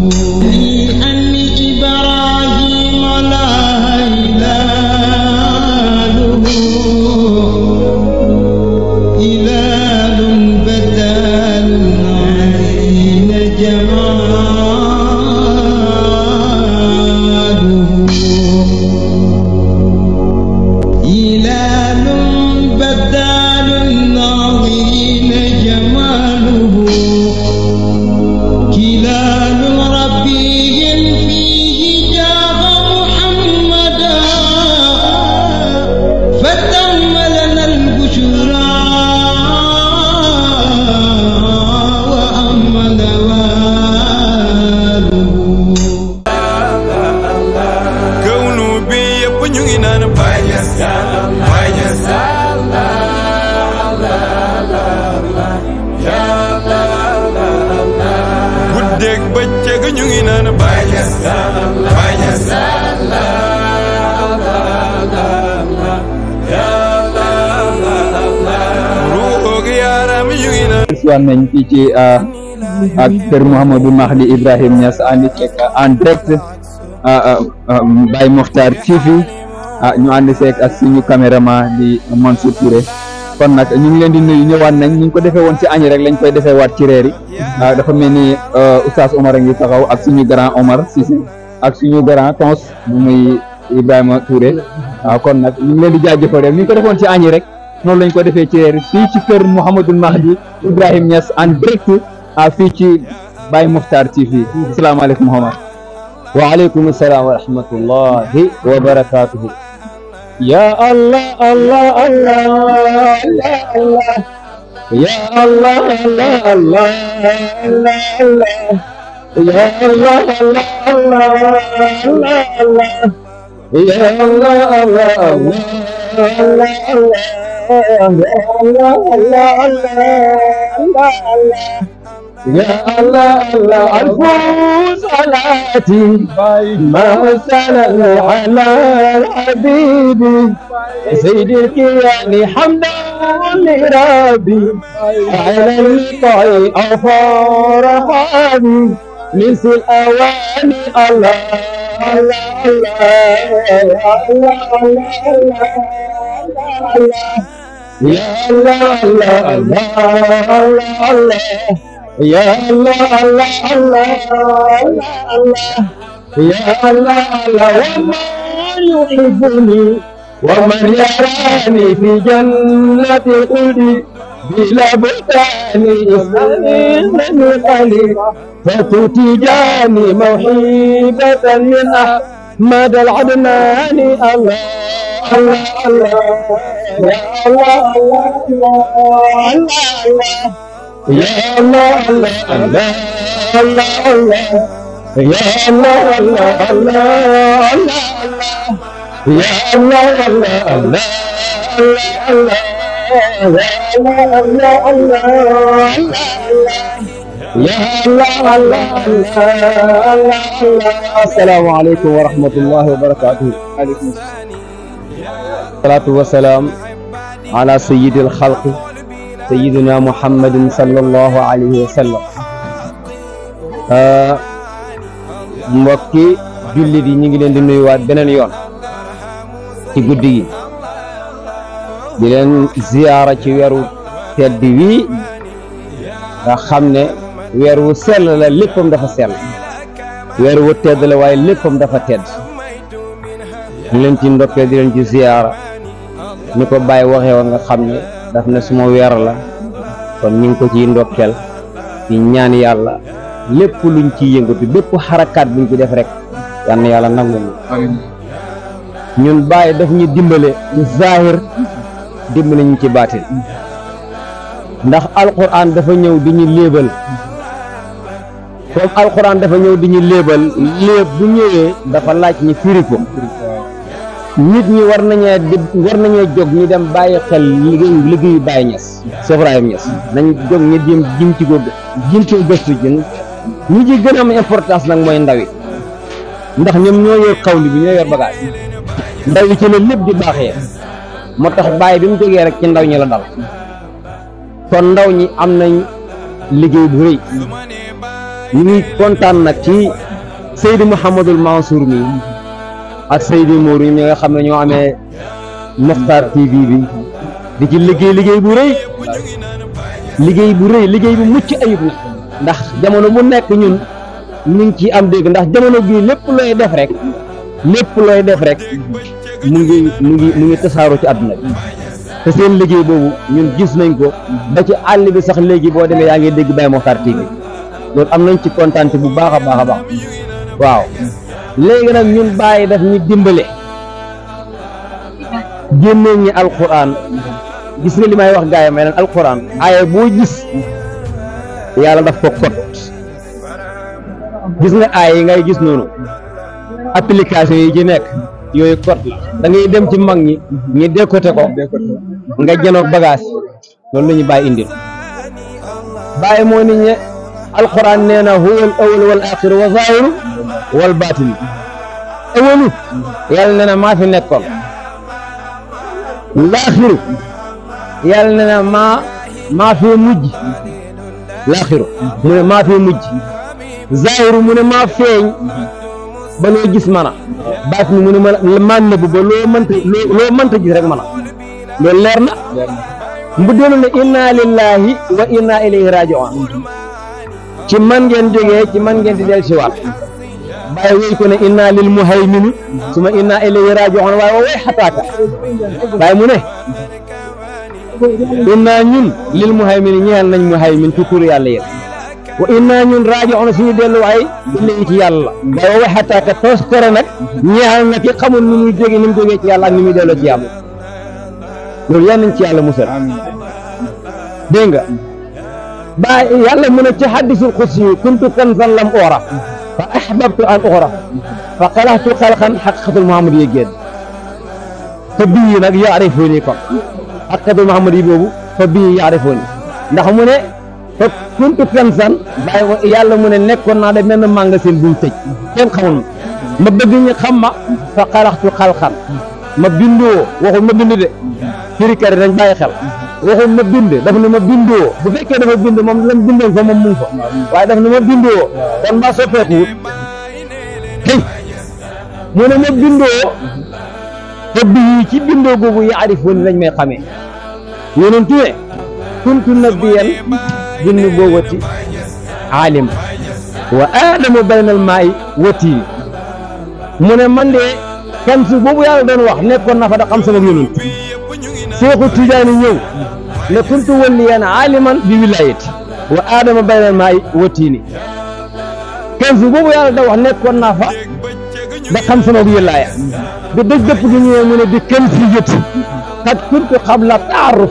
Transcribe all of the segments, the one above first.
Ooh. Tuan men pici uh, a akter Muhammadu Mahdi Ibrahim ya andi cek uh, en direct uh, um, Baye Mokhtar TV ñu andi seek ak suñu di Mansour Touré kon nag ñu ngi leen di nuyu ñëwaat nañ ñu ko defee woon ci añ rek lañ koy defee waat ci reer yi dafa mel oustaz Omar a ngi taxaw ak suñu grand Omar Cissé ak suñu grand cons bu muy Ibrahima Touré kon nag ñu ngi leen di jaajëfal rek ñu ko defoon ci añ rek non lañ ko defé ci rer fi ci kër Mouhamadul Mahdi Ibrahim nias en direct a fi ci Baye muftar TV asalaamaaleykum wa alaykum assalam wa rahmatullahi wa barakatuh. ya Allah Allah Allah Allah Allah ya Allah Allah Allah Allah Allah ya Allah Allah Allah Allah Allah ya Allah Allah Allah Allah Allah الله الله الله يا الله الله الفوز صلاتي ما سلم على حبيبي سيدي الكيان حمدا لربي على الطيب أفار حامي مثل أواني الله الله الله الله الله الله الله الله الله الله الله الله ومن يحبني ومن يراني في جنة قلبي بلا بستان سمين من الخليل فكنت جاني موحيدة من أحمد العدناني الله الله الله يا الله الله الله الله الله الله الله الله الله الله يا الله الله الله الله يا الله الله الله الله الله الله الله الله السلام عليكم ورحمة الله وبركاته عليكم الصلاة والسلام على سيد الخلق سيدنا محمد صلى الله عليه وسلم mbokki jullit yi ñu ngi leen di nuyuwaat beneen yoon ci guddi gi di leen ziyaara ci weeru tedd wii nga xam ne weer wu sell la léppam dafa sell weer wu tedd la waaye léppam dafa tedd ñu leen ci ndokkee di leen ci ziyaara ni ko bàyyi waxee woon nga xam ne daf ne suma weer la kon ñu ko ci ndokkeel di ñaan yàlla lépp luñ ci yëngatu bépp xarakaat buñ ci def rek yal na yàlla nangu ñun bàyyi daf ñu dimbale ci dimbali ñu ci baatin ndax alquran dafa ñëw di ñu léebal comme alquran dafa ñëw di ñu léebal léeb bu ñëwee dafa laaj ñi firi ko nit ñi war nañee di war nañoo jog ñu dem bàyyi xel liggéeyu liggéeyu Baye Niass Cheikh Ibrahim Niass nañ jóg ñu jëm jëm ci góob jëm ci gëstu ji ñi ci gën am importance nag mooy ndaw yi ndax ñoom ñoo yor xawli bi ñoo yor bagage ndaw ci la lépp di baaxee moo tax bàyyi bi mu jógee rek ci ndaw ñi la dal kon ndaw ñi am nañ liggéey bu rëy ñu kontaan nag ci Seydi Mouhamadul Mansour mi ak Seydi Mour ñi nga xam ne ñoo amee Mokhtar TV bi di ci liggéey liggéey bu rëy liggéey bu rëy liggéey bu mucc ayib na ndax jamono bu nekk ñun ñu ngi ciy am dégg ndax jamono bii lépp looy def rek lépp looy def rek mu ngi mu ngi mu ngi tasaaroo ci àdduna bi te seen liggéey boobu ñun gis nañ ko ba ci àll bi sax léegi boo demee yaa ngi dégg Baye Mokhtar TV loolu am nañ ci kontaan bu baax a baax a baax waaw léegi nag ñun Baye daf ñu dimbale génneel ñi alquran gis nga li may wax gaay may naan alquran aaye boo gis yàlla daf ko kot gis nga aay yi ngay gis noonu application yi ci nekk yooyu code la da ngay dem ci mag ñi ñi décoté ko nga jënoog bagage loolu la ñu bàyyi indil bàyyi moo nit ñe alquran nee na huwa awal wal axir wa zahiru wal batin awalu yàlla nee maa fi nekkoon laaxiru yàlla nee na maa maa fi mujj laaxiru mu maa fi mujj zahiru mu ne maa feeñ ba loo gis mën a baas mi mu ne ma maan nëbb ba loo mënta loo mënta gis rek mën a leer na bu delu ne inna lillahi wa inna ilayhi raji'un ci man ngeen jógee ci man ngeen di del siwaat waaye wéy ko ne inna lil muhaymini suma inna ilayhi raji'un waaye wa way xataaka waaye mu ne inna ñun lil muhaymini ñeel nañ muhaymin ci tur yàlla yëpp wa inna ñun raaji'uun suñu delluwaay delluwaay ci yàlla day wawe xataa te toskere nag ñeexal na ki xamul ni muy jóge ci yàlla ak ni muy delloo ci yàlla loolu yal nañ ci yàlla musal dégg nga ba mu ne ci hadisul xudsi yi kuntu kanzan lam u'raf fa ahbabtu an u'raf fa xalaxtu xalqan xaqiqatul muhammad yi génn fa bii nag yaarifuuni kon xaqiqatul muhammad yi boobu fa bii yaarifuuni ndax mu fa kuntu kanzan bàyyi yàlla mu ne nekkoon naa de mel na magasin buñ tëj kenn xamul ma bëgg ñu xam ma fa xalaxtu xalxan ma bindoo waxul ma bind de firikari dañ bàyyi xel waxul ma bind daf ne ma bindoo bu fekkee dafa bind moom lam bindoon fa moom mu fa waaye daf na ma bindoo kon maa soppeekuwut xëy mu ne ma bindoo te bii ci bindoo googu yaarifoon lañ may xamee yonentu ne kuntu nabiyan بالنبوة عالم وآدم بين الماء والتين mu ne man de kan su boobu yàlla doon wax nekkoon na fa da xam sama yonent Seexu Tijaani ñëw ne kuntu waliyan aliman bi wilayati wa adama baynal maay wa tiini kan su boobu yàlla da wax nekkoon na fa da xam sama wilaaya bi dëj dëpp gi ñëwee bi kan si yët kat qabla taaruf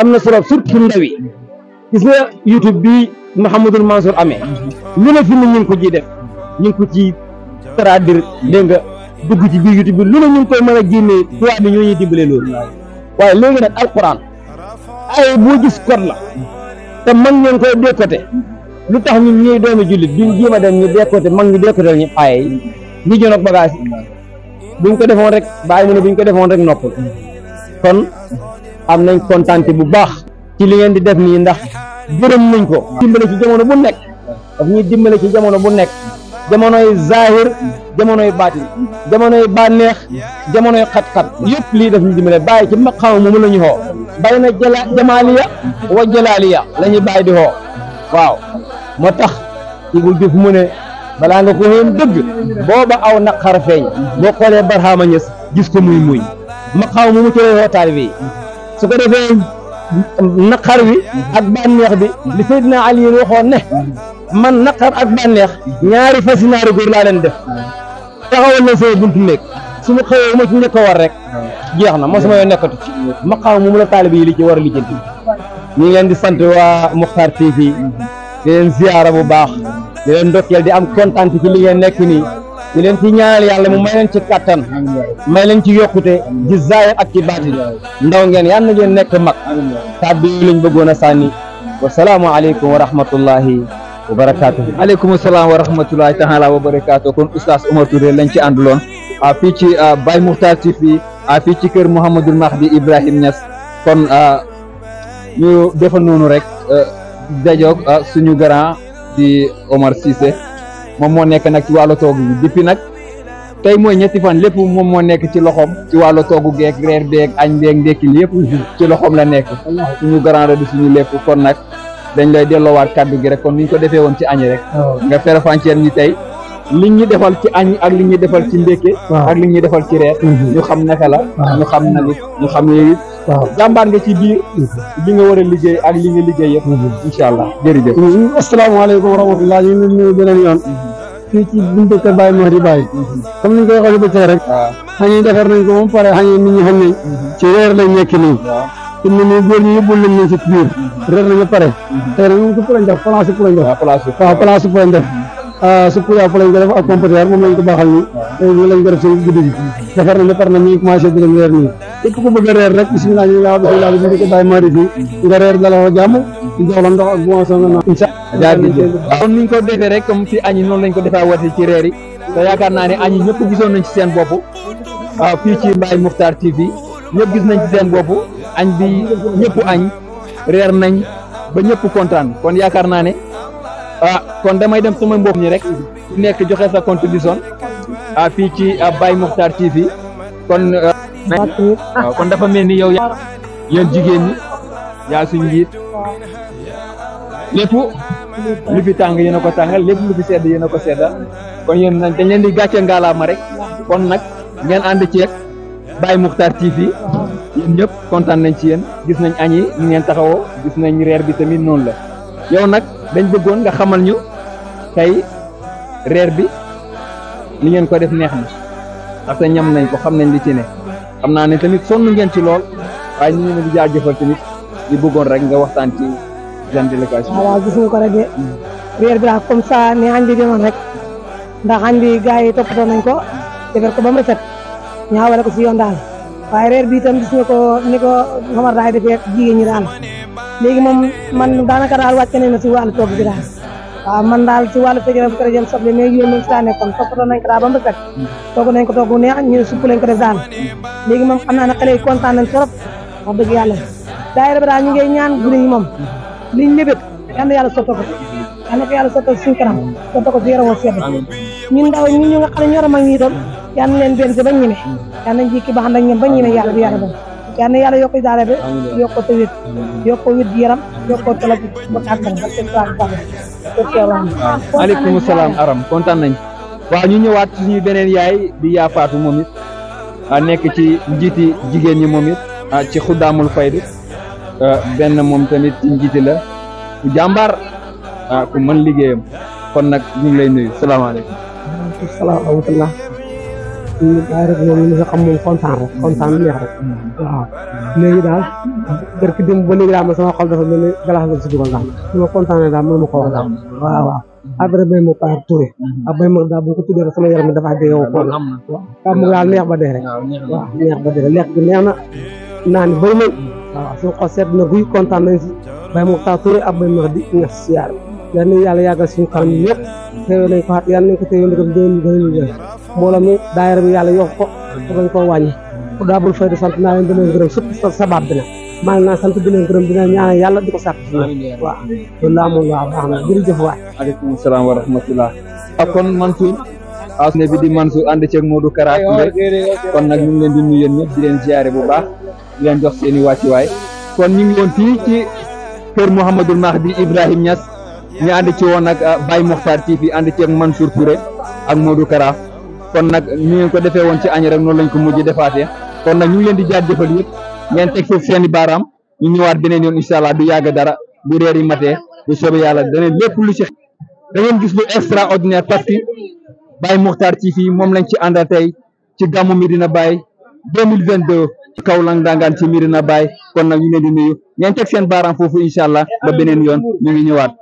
am na solo surtout ndaw yi gis nga YouTube bi Mouhamadul Mansour amee lu na fi ni ñu ngi ko ciy def ñu ngi ko ci traduire dégg nga dugg ci biir YouTube bi lu ne ñu koy mën a génnee tubaab bi ñoo ñuy dimbale loolu waaye léegi nag alquran ay boo gis code la te mag ñoo koy décoté lu tax ñun ñuy doomi jullit duñ jéem a dem ñu décoté mag ñu décoté la ñu ay yi ñu jënoog bagage buñ ko defoon rek bàyyi mu ne buñ ko defoon rek noppal kon am nañ kontaante bu baax ci li ngeen di def nii ndax gërëm nañ ko dimbale ci jamono bu nekk daf ñuy dimbale ci jamono bu nekk jamonoy zahir jamonoy baatin jamonoy bànneex jamonoy xat-xat yëpp lii def ñu dimbale bàyyi ci maqaama moomu la ñu xoo bàyyi na jala jamaaliya wa jalaaliya ya lañuy bàyyi di xoo waaw moo tax ci bu jëf mu ne balaa nga ko xéen dëgg booba aw naqar feeñ boo xoolee barxaama ñës gis ko muy muy maqaama moomu ci lay xoo taalibe su ko defee naqar wi ak bànneex bi li Seydina Ali waxoon ne man naqar ak bànneex ñaari fas yi ñaari góor laa leen def taxawal na sama buntu nekk su ma xëyee ma ci njëkk a war rek jeex na moo sama yoon nekkatu ci maqaam moom la taalibe yi li ci war a lijjanti ñu ngi di sant waa Muxtar TV di leen ziyaara bu baax di leen ndokkeel di am kontaan ci li ngeen nekk nii di leen ci ñaanal yàlla mu may leen ci kàttan may leen ci yokkute ci zaahir ak ci baatin ndaw ngeen yal na ngeen nekk mag kàddu yi lañ bëggoon a sànni wasalaamu aleykum wa rahmatullahi wa barakaatuhu aleykum salaam wa rahmatullahi taala wa barakaatuhu kon oustaz Oumar Touré lañ ci ànduloon a ah, fii ci ah, Baye Moukhtar TV a ah, fii ci kër Mouhamadul Mahdi Ibrahim Niass kon ñu defa noonu rek dajoog suñu grand di Omar Cissé moom moo nekk nag ci wàllu togg yi depuis nag tey mooy ñetti fan lépp moom moo nekk ci loxoom ci wàllu togg geeg reer beeg añ beeg ndekki lépp ci loxoom la nekk suñu grand du suñu lépp kon nag dañ lay delloowaat kaddu gi rek kon ni ñu ko defee woon ci añee rek nga fere frontière ñi tey liñ ñu defal ci añ ak li ñuy defal ci ndékke ak li ñuy defal ci reer mhm. ñu xam naka la ñu xam na ñu xam waaw nga ci biir bi nga wara liggey ak li nga liggey yef inshallah jeri jeri assalamu alaykum wa rahmatullahi ñu ngi nuyu beneen yoon fii ci buntu kër Baye Mody Baye comme ni ñu koy waxee ba tey rek xañee defar nañ ko moom paré xañee nit ñi xamné ci rër la nekk ni ci nit ñu góor ñi yóbbul nañ ci si biir réer nañu pare tey nag ñu ko pour a def place pour a def waaw place pour a def sukk yaa fa lañ def ak compétiteur moom lañ ko baaxal ni moom lañ def seen guddi gi defar nañ defar nañ ñu commencé di leen reer nii képp bëgg reer rek bisimilah ñu laa bisimilah bi di ko bàyyi mari fi nga reer dala wa jàmm jox la ndox ak boisson nga naan incha jaar gi kon niñ ko defee rek comme ci añi noonu lañ ko wati ci reer yi yaakaar naa ne añi ñëpp gisoon nañ ci seen bopp fii ci Mbaye TV ñëpp gis nañ ci seen bopp añ bi ñëpp añ reer nañ ba ñëpp kontaan kon yaakaar naa ne ah kon damay dem sama mbokk ñi rek nek joxe sa contribution a ah, fi ci ah, bay Mokhtar TV kon ah, kon dafa melni yow ya yeen jigen ni ya suñ njiit lepp lu fi tang yeen ko tangal lepp lu fi sedd yeen ko sedda kon yeen nañ dañ leen di ngala ma rek kon nak ngeen ci ak bay Mokhtar TV yeen ñep kontaan nañ ci yeen gis nañ agni ñu ngeen taxawoo gis nañ reer bi tamit non la yow nag dañ bëggoon nga xamal ñu tey reer bi li ngeen ko def neex na parce que ñam nañ ko xam nañ li ci ne xam naa ne tamit sonn ngeen ci lool waaye ñu ngi leen di jaajëfal tamit ñu bëggoon rek nga waxtaan ci jeune délégation. waaw gis nga ko rek de reer bi daal comme sa ne añ bi demoon rek ndax añ bi gars yi toppatoo nañ ko defar ko ba mu rafet ñaawale ko si yoon daal waaye reer bi itam gis nga ko ni ko Omar daay defee jigéen ñi daal. léegi moom man daanaka daal wàcce nañ ma ci wàllu togg bi daal waaw man daal ci wàllu fekkee bu ko jëm soble mais yooyu moom si laa nekkoon toppatoo nañ ko daal ba mu fekk togg nañ ko togg bu neex ñu supp lañ ko def daal léegi moom xam naa ne xale yi kontaan nañ trop wax dëgg yàlla daayira ba daal ñu ngi ñaan gune yi moom liñ lébét yal na yàlla sotti ko yal na ko yàlla sotti ko suñu kanam sotti ko si yaramon sedd ñun ndaw ñun ñu nga xam ne ñoo mag ñi doon yal na leen benn si bañ ñeme yal nañ jikki baax ndañ ñoom bañ ñeme yàlla bi yàlla doon yal na yàlla yokk daara bi yokk tawit yokk wit yaram yokk ko talab bu tàggal ba seen tàggal ba aleykum salaam aram kontaan nañ waaw ñu ñëwaat suñu beneen yaay di yaa faatu moom it ah, nekk ci njiiti jigéen ñi moom it ah, ci xuddaamul faydu ah, benn moom tamit ci njiiti la ku ku mën liggéeyam kon nag ñu lay nuyu salaamaaleykum salaam rahmatullah daara ñoom nga xam moom kontaan rek kontaan lu neex rek waaw léegi daal barki démb ba léegi daal ma sama xol dafa mel ni galaas la si dugal daal su ma kontaanee daal mënu ma ko wax daal waaw waaw après bay ma paar touré ak bay ma daal bu ko tuddee rek sama yaram dafa dee yow koon waaw kam daal neex ba dee rek waaw neex ba dee lekk gi neex na naan bëri nañ waaw suñu xol seet na guy kontaan nañ si bay ma paar touré ak bay ma di ñax si yaar yàlla yàlla yàggal suñu kanam ñëpp teewee nañ ko xat yàlla nañ ko teewee ndëgam déwén déwén mbooloo daayira bi yàlla yokk ko te bañ koo ko daabul fay di sant naa leen di leen gërëm surtout sabab bi nag maa sant di leen dina ñaan wa rahmatullah ah, kon asne ah, bi di Modou Kara kon nag ñu leen di nuyu yéen di leen bu baax di leen jox kon ñu ngi woon fii ci kër Mahdi Ibrahim Niass ñu ànd ci woon ak ah, Baye Mokhtar TV ànd ceeg Mansour Touré ak Modou Kara kon nak ni ko defee won ci agni rek non lañ ko mujjé defaatee kon nak ñu ngi leen di jaajëfal yëpp ñen tek fofu seeni baram ñu ñëwaat beneen yoon inshallah du yàgg dara bu réri maté matee bu soobee yàlla dana lépp lu ci da ngeen gis lu extraordinaire parce que Baye Moukhtar ci fi mom lañ ci andal tay ci gamu Medina Baye 2022 ci kaw lang dangaan ci Medina Baye kon nak ñu leen di nuyu ñen tek seen baram fofu inshallah ba benen yoon ñu ngi ñëwaat.